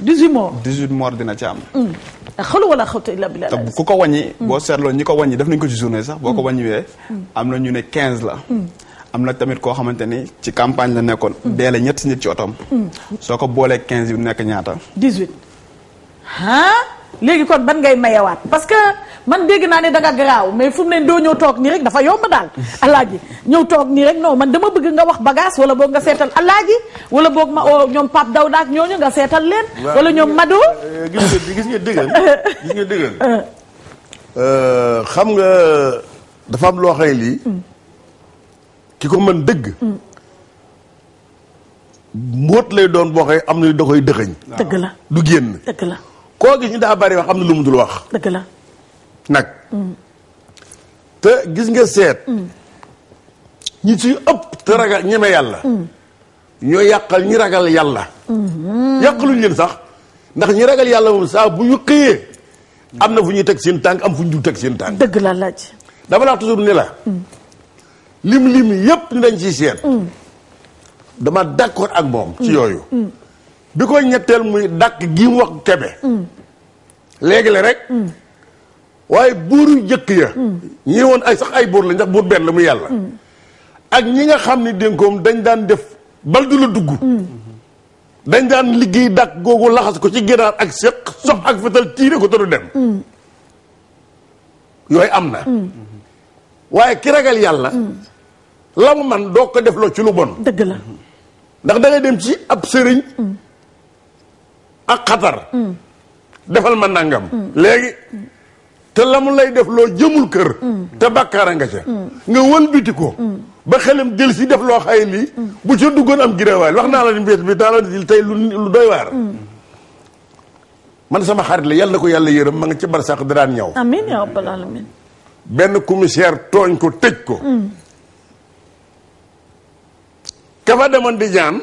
18 morts 18 morts dina ci am. xalu mm. wala xawta illa billah. te ku ko wàññi. Mm. boo seetloo ñi ko wàññi def nañ ko ci journée sax boo ko mm. wàññiwee. am na ñu ne 15 la. am na tamit koo xamante ni ci campagne la nekkoon. deele ñetti nit ci otoom. soo ko boolee 15 bi nekk ñaata. 18. ah léegi kon ban ngay mayewaat parce que man dégg naa ne danga garaaw mais fu mu doo ñëw toog nii rek dafa yomb daal. alaaji ñëw toog nii rek non man dama bëgg nga wax bagage wala boog nga seetal alaaji wala boog ma oo oh, ñoom Pape Dawda ak ñooñu nga seetal leen. wala ñoom Mado. Euh, gis nga gis nga dëggal gis nga euh. Euh, xam nga dafa am loo xëy lii. Mm. ki ko mën dëgg. Mm. mbóot lay doon boo xëy am na da koy dëxëñ. dëgg la du génn koo gis ñu daa bari wax am na lu mu dul wax. dëgg la. nag. Mm. te gis nga seet. Mm. ñi ci ëpp te ragal ñeme yàlla. Mm. ñoo yàqal ñi ragal yàlla. Mm-hmm. yàqaluñ leen sax ndax ñi ragal yàlla moom saa bu ñu xëyee. am na fu ñuy teg seen tànk am fu ñu dul teg seen tànk. dëgg la laaj. dama la wax toujours la. lim lim yépp ni dañ ciy seet. dama d'accord ak moom. ci yooyu. bi ko ñetteel muy dàkk gi mu wax kebe. léegi la rek. Mm. waaye buur yu jëkk ya. Mm. ñi woon ay sax ay buur la ndax buur benn la muy yàlla. Mm. ak ñi nga xam ni dénkoom dañ daan def bal du la dugg. dañ daan liggéey dàq googu laxas ko ci ginaar ak séq sox ak fetal tiire ko te du dem. yooyu am na. waaye ki ragal yàlla. la mu man doo ko def loo ci lu bon. dëgg la ndax da dem ci ab sëriñ. ak xatar. defal ma nangam. léegi te la mu lay def loo jëmul kër. te bàkkaara nga ca. nga wën biti ko. ba xelam del si def loo xay lii. bu ca duggoon am girawaay wax naa la ni mbéy mi daal di tey lu doy waar. man sama xarit la yàlla na ko yàlla yërëm ma nga ca barsax da daan ñëw. amiin yaa rabbal benn commissaire tooñ ko tëj ko. ka demoon di ñaan.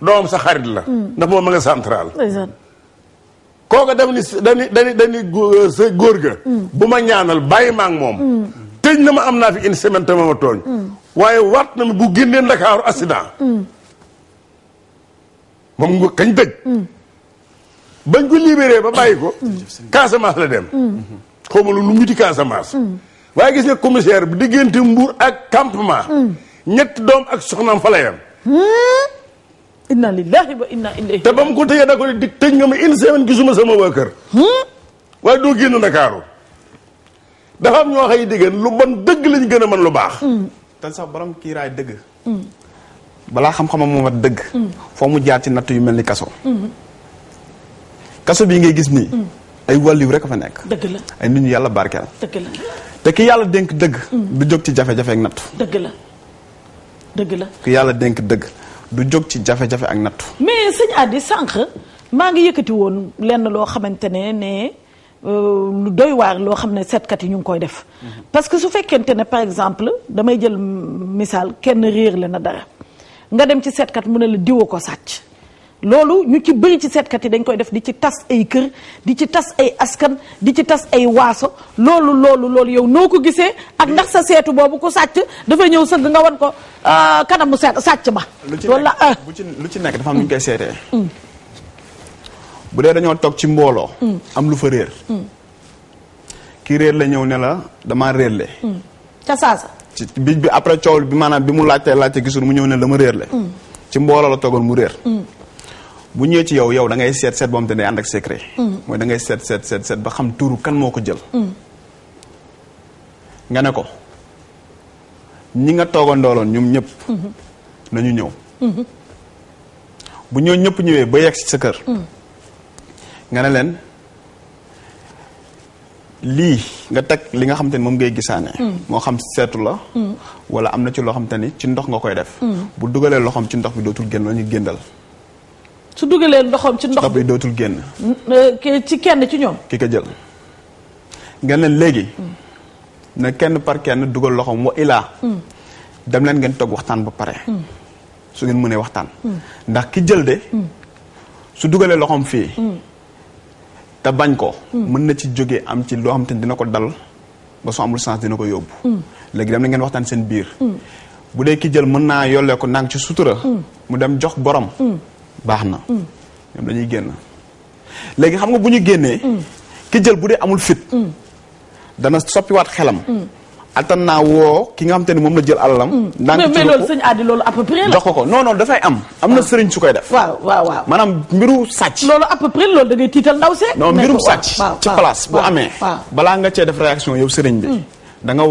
doomam sa xarit la. Mm. ndax moom ma nga central. kooka daf ni dani dani euh, sa góor ga mm. bu ma ñaanal bàyyi ma moom mm. tëñ na ma am naa fi une semaine te ma ma tooñ mm. waaye waat na ma bu génnee ndakaaru accident moom kañ tëj bañ ko libéré ba bàyyi ko Casamance la dem xawma lu lu muti Casamance waaye gis nga commissaire bi diggante mbuur ak campement ñetti doom ak soxnaam fa inna lillahi wa inna ilayhi te ba mu ko tëjee da ko di te nga ma une semaine gisuma sama waa kër. Hmm? waaye doo génn Ndakaaru dafa am ñoo xay diggéen lu ban dëgg lañ gën a mën lu baax. Hmm. te sax borom kiiraay dëgg. Hmm. balaa xam-xamam moo mat dëgg. foo mu jaar ci natt yu mel ni kaso. kaso bii ngay gis nii. ay wàlliw rek a fa nekk. dëgg la ay yàlla barkeel. dëgg te ki yàlla denk dëgg. du jóg ci jafe-jafe ak natt. dëgg la dëgg la. ki yàlla denk dëgg. du jóg ci jafe-jafe ak nattu. mais sëñ Adi sànq maa ngi yëkkati woon lenn loo xamante ne ne euh, lu doy waar loo xam ne setkat yi ñu ngi koy def. Mhm. parce que su fekkente ne par exemple damay jël misaal kenn réer la na dara nga dem ci seetkat mu ne la diwoo ko sàcc. loolu ñu ci bëri ci seetkat yi dañ koy def di ci tas ay kër di ci tas ay askan di ci tas ay waaso loolu loolu loolu yow noo ko gisee ak ndax sa seetu boobu ku sàcc dafa ñëw sëgg nga wan ko ah, kanamu seet sàcc ba loolu la ah. lu ci nekk dafa am ñu koy seetee mm. bu dee dañoo toog ci mbooloo mm. am lu fa réer mm. ki réer la ñëw ne la damaa réer le ca saasa ci biij bi après coow bi maanaam bi mu laajtee laajte gisul mu ñëw ne la ma réer le ci mbooloo la toogoon mu réer bu ñëwee ci yow yow dangay seet seet boo xam te ne ànd ak secret. Mm. mooy da seet seet seet seet ba xam tuuru kan moo ko jël. Mm. nga ne ko ñi nga toogandooloon ñoom ñëpp. Mm-hmm. nañu ñëw. Mm-hmm. bu ñoo ñëpp ñëwee ba yegg ci sa kër. Mm. nga ne leen lii nga teg li nga xam te ne moom ngay gisaane. moo xam seetu la. wala am na ci loo xam ni ci ndox nga koy def. bu dugalee loxom ci ndox bi dootul génn la ñu géndal su dugalee ndoxam ci ndox bi dootul génn. Euh, ci kenn ci ñoom. ki ka jël nga leen léegi. na kenn par kenn dugal loxoom wa illaa hmm. dem leen ngeen toog waxtaan ba pare. Hmm. su ngeen mënee waxtaan. Hmm. ndax ki jël de. su dugalee loxoom fii. te bañ ko. mën na ci jóge am ci loo xam te dina ko dal ba su amul sens dina ko yóbbu. léegi dem na ngeen waxtaan seen biir. bu dee ki jël mën naa yollee ko nang ci sutura. mu dem jox borom. baax na. Mm. ñoom dañuy génn léegi xam nga bu ñu génnee. Mm. ki jël bu dee amul fit. Mm. dana soppiwaat xelam. attan naa woo ki nga xam te ni moom la jël alalam. ndànk mais loolu sëñ loolu à peu ko ko non non dafay am. am na ah. sëriñ su koy def. waaw waaw maanaam mbiru sàcc. loolu à peu près loolu da tiital ndaw see. non mbirum sàcc. ci place bu amee. balaa nga cee def réaction yow sëriñ bi da nga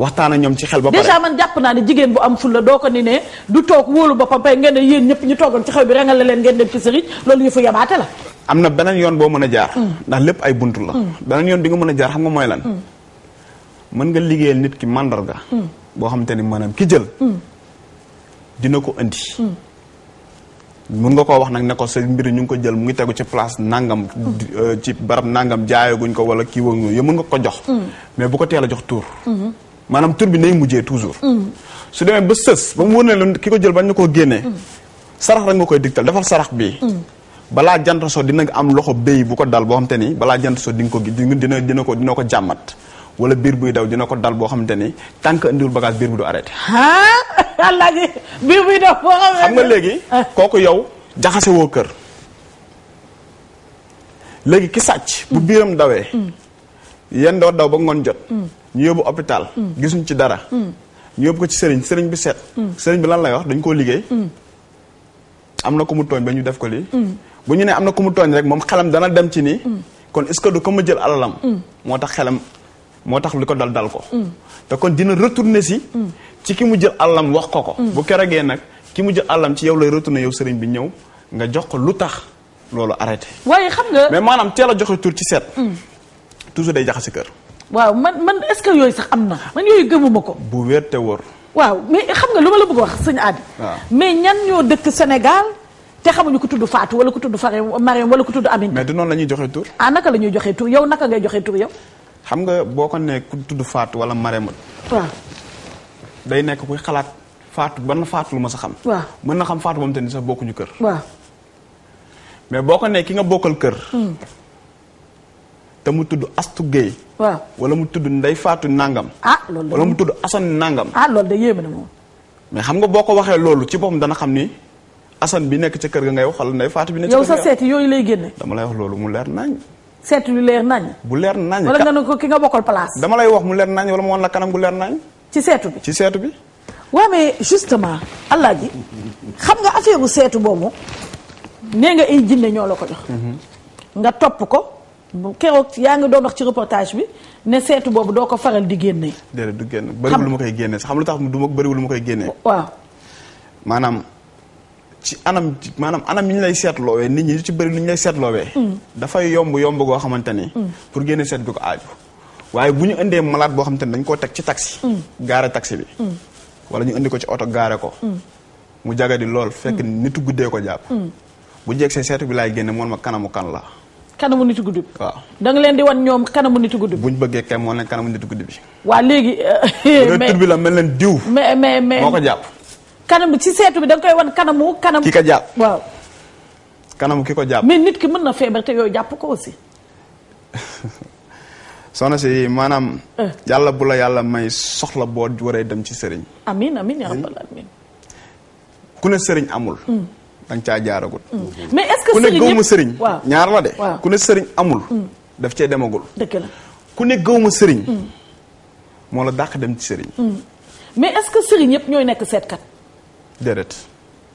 waxtaan ak ñoom ci xel ba pare déjà man jàpp naa ne jigéen bu am fulla doo ko ni ne du toog wóolu boppam pay ngeen ne yéen ñëpp ñu toogoon ci xew bi rangale leen ngeen dem ci sëriñ loolu yëfu yabaate la am na beneen yoon boo mën a jaar mm. ndax lépp ay bunt la mm. beneen yoon dinga mën a jaar xam nga mooy lan mm. mën nga liggéeyal nit ki màndarga boo xam te ni maanaam ki jël dina ko indi mun nga koo wax nag ne ko sa mbir ñu ngi ko jël mu ngi tegu ci place nangam euh, ci barab nangam jaayaguñ ko wala kii wag mën nga ko jox mais bu ko teel a jox tuur mm-hmm. maanaam tur bi nay mujjee toujours. Mm. su demee ba sës ba mu wóor ne la ki ko jël bañ na koo génnee. Mm. sarax rek nga koy digtal defal sarax bi mm. balaa jant soo dina am loxo béy bu ko dal boo xam ni balaa jant so di nga ko dina dina ko dina ko jàmmat wala biir buy daw dina ko dal boo xam te ni tant que indiwul bagage biir bu du arrêté. ah nga léegi kooku yow jaxase woo kër léegi ki sàcc. bu biiram dawee. yéen daw daw ba ngoon jot. ñu yóbbu hôpital mm. gisuñ ci dara mm. ñu yóbbu ko ci sëriñ sëriñ bi seet mm. sëriñ bi lan lay wax dañ koo liggéey am na ko mu tooñ ba ñu def ko lii bu ñu nee am na ku mu tooñ rek moom xelam dana dem ci nii kon est-ce que du ko ma jël alalam moo tax xelam moo tax li ko dal dal ko te kon dina retourner si ci ki mu jël alalam wax ko ko bu keroogee nag ki mu jël alalam ci yow lay retourner yow sëriñ bi ñëw nga jox ko lu tax loolu arrêté waaye mais maanaam teela a joxe tur ci toujours day jaxase kër waaw man man est-ce yooyu sax am na man yooyu gëmuma ko. bu wér te woor waaw mais xam nga lu ma la bëgg wax sëñ Adi. mais ñan ñoo dëkk Sénégal te xamuñu ko tudd Fatou wala ko tudd Farem Marème wala ko tudd Amine. mais la ñuy joxe tur. ah naka la ñuy joxe tur yow naka xam nga boo ko nee ku tudd Fatou wala Marème. waaw. day nekk kuy xalaat Fatou ban Fatou lu ma sa xam. mën na xam Fatou moom tamit sax bokkuñu kër. waaw mais boo ko nee ki nga bokkal kër. Hmm. te mu tudd Astu Gueye. waaw wala mu tudd Ndey Faatu Nangam. ah loolu wala mu tudd Assane Nangam. ah loolu de yéeme na moom. mais xam nga boo ko waxee loolu ci boppam dana xam ni Assane bi nekk ca kër ga ngay wax wala Ndey Faatu bi nekk ca kër ga yow sa seeti yooyu lay génne. dama lay wax loolu mu leer nañ. seeti lu leer nañ. bu leer nañ. wala nga ne ko ki nga bokkal place. dama lay wax mu leer nañ wala mu wan la kanam gu leer nañ. ci seetu bi ci seetu bi. waaw mais justement allah ji xam nga affaire bu seetu boobu nee nga ay jinne mhm. nga topp ko. keroog yaa ngi doo wax ci reportage bi ne seetu boobu doo ko faral di génne. déedéet du génn bëriwul lu ma koy génne sax xam lu tax du ma koy génne. waaw maanaam ci anam maanaam anam yi lay seetloowee nit ñi ci bëri li lay seetloowee. Mm. dafay yomb yomb goo xamante ni. Mm. pour génne seet bi ko aaju. waaye bu ñu indee malaat boo xamante ni dañ koo teg ci taxi. Mm. gaare taxi bi. wala ñu indi ko ci oto gaare ko. mu jagadi lool fekk nitu guddee ko jàpp. bu njëkk see seetu bi laay génne moon ma kanamu kan la. kanamu nitu guddi bi waaw da nga leen di wan ñoom kanamu nitu guddi bi buñ bëggee kay moo leen kanamu nitu guddi bi waaw léegi euh, mais tur bi la mel leen diw mais mais mais moo ko jàpp kanam ci seetu bi da koy wan kanamu kanam ki ko jàpp waaw kanamu ki ko jàpp mais nit ki mën na feebar te yooyu jàpp ko aussi soxna si maanaam euh. yàlla bu la yàlla may soxla boo waree dem ci sëriñ amin amin ya hmm? rabbal alamin ku ne sëriñ amul hmm. da caa jaaragul. Mm. mais est-ce que ku ne sëriñ. ñaar la de. ku ne amul. Mm. daf cee demagul. dëgg la ku ne gëwuma sëriñ. Mm. moo la dàq dem ci sëriñ. mais est que sëriñ yëpp ñooy nekk seetkat. déedéet.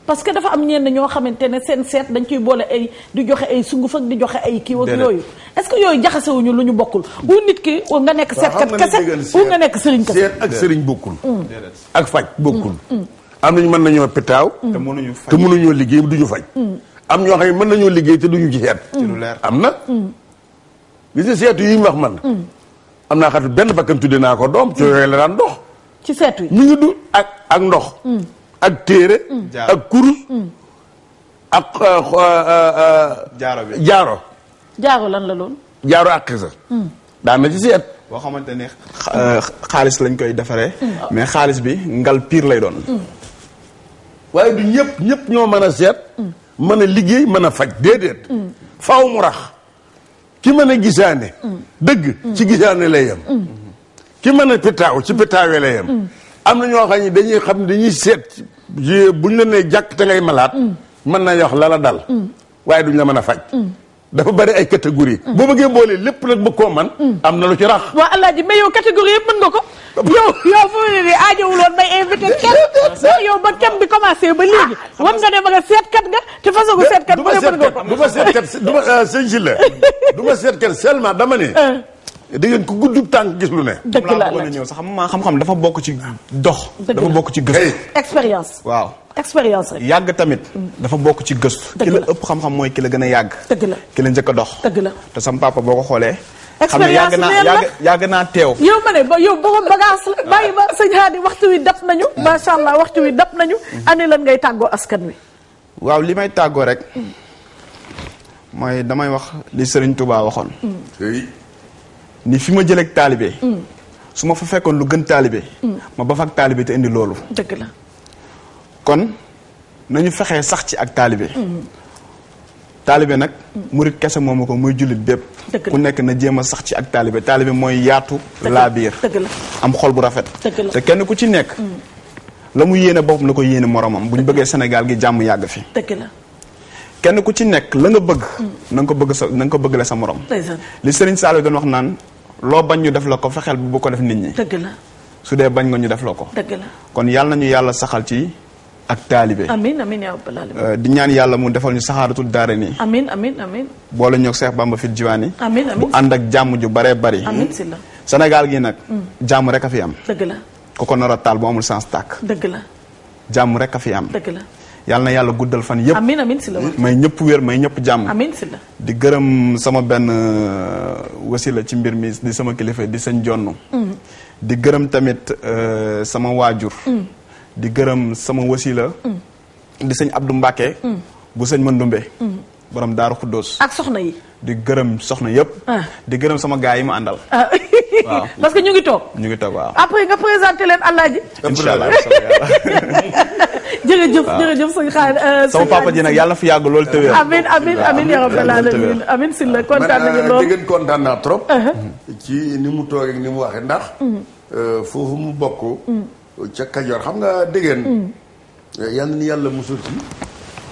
parce que dafa am ñenn ñoo xamante ne seen seet dañ ciy boole ay di joxe ay sunguf ak di joxe ay kii ak yooyu est-ce que yooyu jaxasewuñu lu ñu bokkul wu nit ki nga nekk seetkat kese wu nga nekk sëriñ kese ak sëriñ bokkul ak faj bokkul am nañu mën nañoo pétaaw. Mm. te mënuñu faj te mënuñoo liggéey duñu faj. Mm. am ñoo xam mën nañoo liggéey te duñu ci seet. Mm. ci lu leer am na. gis seetu yi mu wax man. am naa benn bakkan tudde naa ko doom ci yooyu la daan dox. ci seetu yi ngi du ak ak ndox. ak téere. ak kurus. Euh, euh, euh, jaaro jaaro. jaaro la loon. jaaro ak xisa. daan ci seet. boo xamante ne xaalis lañ koy defaree. mais xaalis bi ngal piir lay doon. waaye du ñëpp ñëpp ñoo mën a seet mën a liggéey mën a faj déedéet faaw mu rax ki mën a gisaane dëgg ci gisaane lay yem ki mën a pitaaw ci pitaawe lay yem am na ñoo xam ne dañuy xam ne dañuy seet buñ la nee jàkk te ngay malaat mën na yox lala la dal waaye duñ la mën a faj dafa bari ay catégorie mm. boo bëggee mboolee lépp nag bëgg koo man mm. am na lu ci rax waaw alaaji mais yow catégorie yëpp mën ko yow yow fu mu ne nii aajowuloon may invité kenn yow ba thème bi commencé ba léegi wan ah, nga ne ma nga seetkat nga te façon seetkat bu ne mën nga ko du ma seetkat du ma euh, sëñ da ngeen gudd tànk gis lu ne. dëgg la la ñëw sax ma xam-xam dafa bokk ci dox. Mm. dafa bokk ci gëstu. expérience. waaw expérience yàgg tamit. dafa bokk ci gëstu. ki la ëpp xam-xam mooy ki la gën a yàgg. tëgg la ki la njëkk a dox. dëgg la te sam papa boo ko xoolee. expérience xam ne yàgg naa yàgg naa teew. yow ma ne ba yow booba bagage la ah. bàyyi ba sëñ Hadi waxtu wi dab nañu. Mm. macha allah waxtu wi dab nañu. Mm. année lan ngay tàggoo askan wi. waaw li may tàggoo rek. mooy damay wax li Serigne Touba waxoon. ni fi ma jëleeg taalibe mm. su ma fa fekkoon lu gën taalibe mm. ma ba fak taalibe te indi loolu dëgg na kon nañu fexee sax ci ak taalibe mm. taalibe nag murit kese moomu ko muy jullit bépp ku nekk na jéem a sax ci ak taalibe taalibe mooy yaatu laa biir am xol bu rafet te kenn ku ci nekk la mu yéene boppam na ko yéene moromam bu ñu bëggee senegal gi jàmm yàgg fi dëgg la kenn ku ci nekk la nga bëgg na nga ko bëgg sa na ko bëgg la sa morom li Serigne Saliou doon wax naan loo bañ ñu def la ko fexeel bu ko def nit ñi. dëgg la su dee bañ nga ñu def la ko. dëgg la kon yàlla nañu yàlla saxaal ci ak taalibe. amiin amiin yaa rabbal euh, di ñaan yàlla mu defal ñu saxaaratul daare nii. amiin amiin amiin. boole ñoog Seex Bamba fil jiwaani. amiin amiin bu ànd ak jàmm ju baree bari. amiin Sénégal gi nag. Mm. jàmm rek a fi am. dëgg la ku ko nar taal bu amul sens tàkk. dëgg la jàmm rek a fi am. yàlla na yàlla guddal fan yëpp amiin amiin si la may ñëpp wér may ñëpp jàmm di gërëm sama benn euh, wasila ci mbir mi di sama kilifa di sëñ jonn mm. di gërëm tamit euh, sama waajur mm. di gërëm sama wasila mm. di sëñ Abdou Mbacke bu sëñ ma Mandoumbe borom daaru xuddoos ak soxna yi di gërëm soxna yëpp ah. di gërëm sama gaay yi ma àndal ah. waaw parce que ñu ngi toog ñu ngi toog waaw après nga présenté leen àllaaji incha allah jërëjëf jërëjëf sëñ xaar euh, sama papa ji nag yàlla fi yàgg loolu tëwee amin amin amin ya rabbal alamin amin si la kontaan nañu euh, lool trop uh-huh. ci ni mu toog ni mu waxee ndax uh-huh. euh, foofu mu bokk uh-huh. ca Kajoor xam nga déggeen yal yàlla musul ci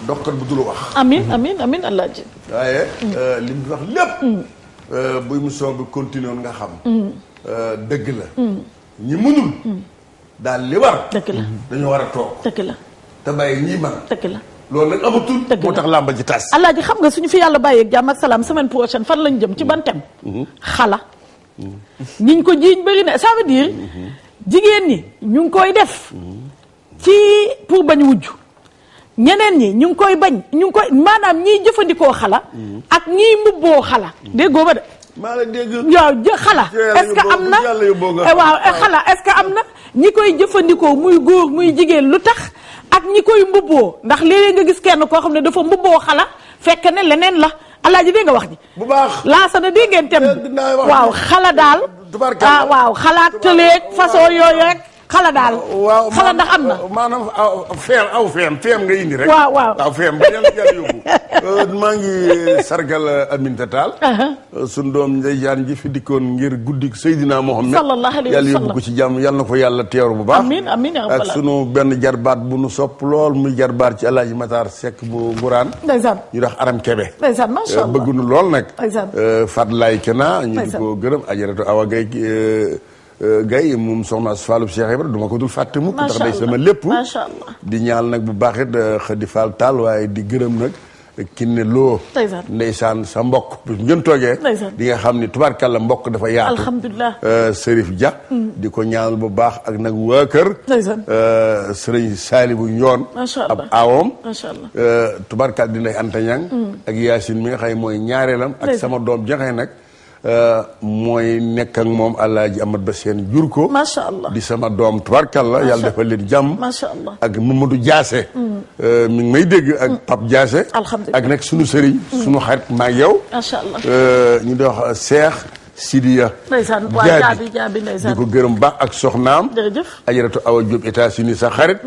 dokkat bu dul wax amin amin amin alaaji waaye lim mu wax lépp buy mu soog continuer woon nga xam dëgg la ñi mënul daal li war. dëgg la dañoo war a toog. dëgg la te bàyyi ñii man. dëgg la loolu nag amatul. dëgg moo tax làmba ji tas. ji xam nga suñu fi yàlla bàyyeeg jàmm ak salaam semaine prochaine fan lañ jëm ci ban tem mm-hmm. xala. ñiñ ko jiiñ bëri na ça veut dire. Mm-hmm. jigéen ñi ñu ngi koy def. Mm-hmm. ci pour bañ wujj ñeneen ñi ñu ngi koy bañ ñu ngi maanaam ñiy jëfandikoo xala. ak ñiy mbubboo xala. déggoo ba de. maa la dégg. waaw jë xala. Eh, eh, est-ce que am na waaw xala est que am na. ñi koy jëfandikoo muy góor muy jigéen lu tax ak ñi koy mbubboo ndax léeg nga gis kenn koo xam ne dafa mbubboo xala fekk ne leneen la alaaji dégg nga wax ji. bu baax laasana dégg ngeen tem bi waaw xala daal. ah waaw xalaat tëleeg façon yooyu rek. xala daal waaw xala ndax am na. maanaam aw feem aw feem feem nga indi rek. waaw waaw feem Euh, maa ngi sargal euh, Aminata Tall. Uh-huh. Euh, sunu doom ndeysaan ji fi dikkoon ngir guddi Seydina Mohamed. sallallahu alayhi wa sallam yàlla ci jàmm yàlla na ko yàlla teeru bu baax. amiin amiin ak sunu benn jarbaat bu nu sopp lool muy jarbaat ci Alaaji Matar Seck bu Nguraan. ndeysaan ñu dox Aram Kebe. ndeysaan macha lool nag. ndeysaan Fadlaay Kena. ñu di ko gërëm ajaratu Awa Gaye Gaye moom soxna Fallou Cheikh Ibrahima du ma ko dul fàtte mukk. macha day sama lépp. di ñaal nag bu baax it Xadi Fall waaye di gërëm nag. kinne loo ndeysaan sa mbokk bis ngeen nga xam ni tubaarkàlla mbokk dafa yaatu alhamdulilah euh, Serif Dia hmm. di ko ñaanal bu baax ak nag waa kër sëriñ Saalibu Njoon ab aawom euh, tubaarkàlla di ndey Anta Ñang hmm. ak Yaasin mi nga xam ne mooy ñaareelam ak sama doom ji nag Euh, mooy nekk moom Alaaji Amat Ba seen jur ko. macha di sama doom tubarkalla yàlla defal leen jàmm. macha allah ak Mamadou Diassé. Mm. Euh, mi ngi may dégg ak mm. Pape Diassé. alhamdulilah ak nag sunu sëriñ. Mm. sunu xarit ma ak yow. macha allah euh, ñu dox Seex. Sidiya jaabi jaabi di ko gërëm baax ak soxnaam ajaratu Awa Diop États-Unis sa xarit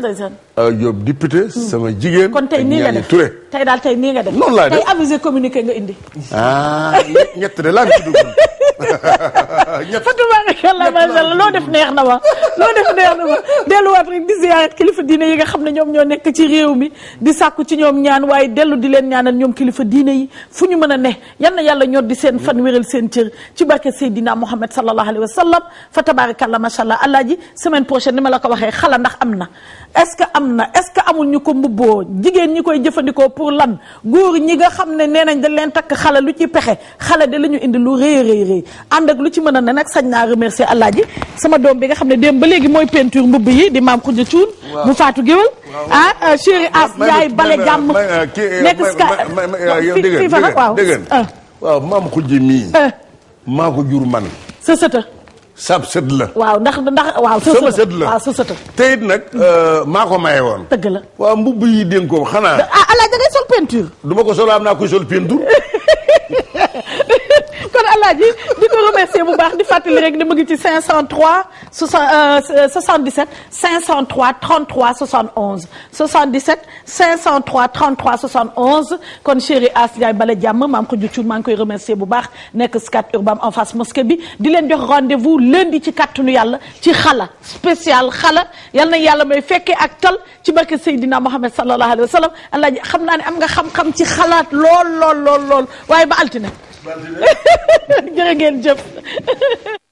Awa Diop député hmm. sama jigéen kon tey nii nga def Touré tey daal tey nii nga def noonu laa def tey avisé communiqué nga indi ah, ñett de laa fi dugg ñett fa tabaarakallah macha allah loo def neex na ma loo def neex na ma delluwaat rek di ziyaaret kilifa diine yi nga xam ne ñoom ñoo nekk ci réew mi di sàkku ci ñoom ñaan waaye dellu di leen ñaanal ñoom kilifa diine yi fu ñu mën a ne yan na yàlla ñor di seen fan wéral seen cër ci barke Seydina Muhammad sallallahu alayhi wa sallam fa tabaarakallah macha allah alaaji semaine prochaine ni ma la ko waxee xala ndax am na est-ce que am na est-ce que amul ñu ko mbubboo jigéen ñi koy jëfandikoo pour lan góor ñi nga xam ne nee nañ dañ leen takk xala lu ci pexe xala de la indi lu rëy ànd ak lu ci mën a ne nag sañ naa remercier Alaaji sama doom bi nga xam ne démb ba léegi mooy peinture mbubb yi di maam Khoudia Thioune mu faatu géwél ah chéri as yaay bale jàmm nekk si fa nag ah. ah. ko jur man sa sëta sab sët la waaw ndax ndax waaw sama sët la waaw ah, sa sëta nag mm. euh, maa ko maye woon dëgg la waaw mbubb yi dénk ko xanaa ah Alaaji da sol peinture du ko sol am naa koy sol peinture Alaaji di ko remercier bu baax di fàttali rek dama gi ci 503 77 503 33 71 77 503 33 71 kon chéri As Ndiaye bala jàmm maam ko juccu maa ngi koy remercier bu baax nekk Scat Urbam en face mosquée bi di leen jox rendez-vous lundi ci kàttanu yàlla ci xala spécial xala yal na yàlla may fekke ak tal ci barke Seydina Mohamed sallallahu alayhi wa sallam Alaaji xam naa ne am nga xam-xam ci xalaat lool lool lool lool waaye ba altine jërë ngeen jëf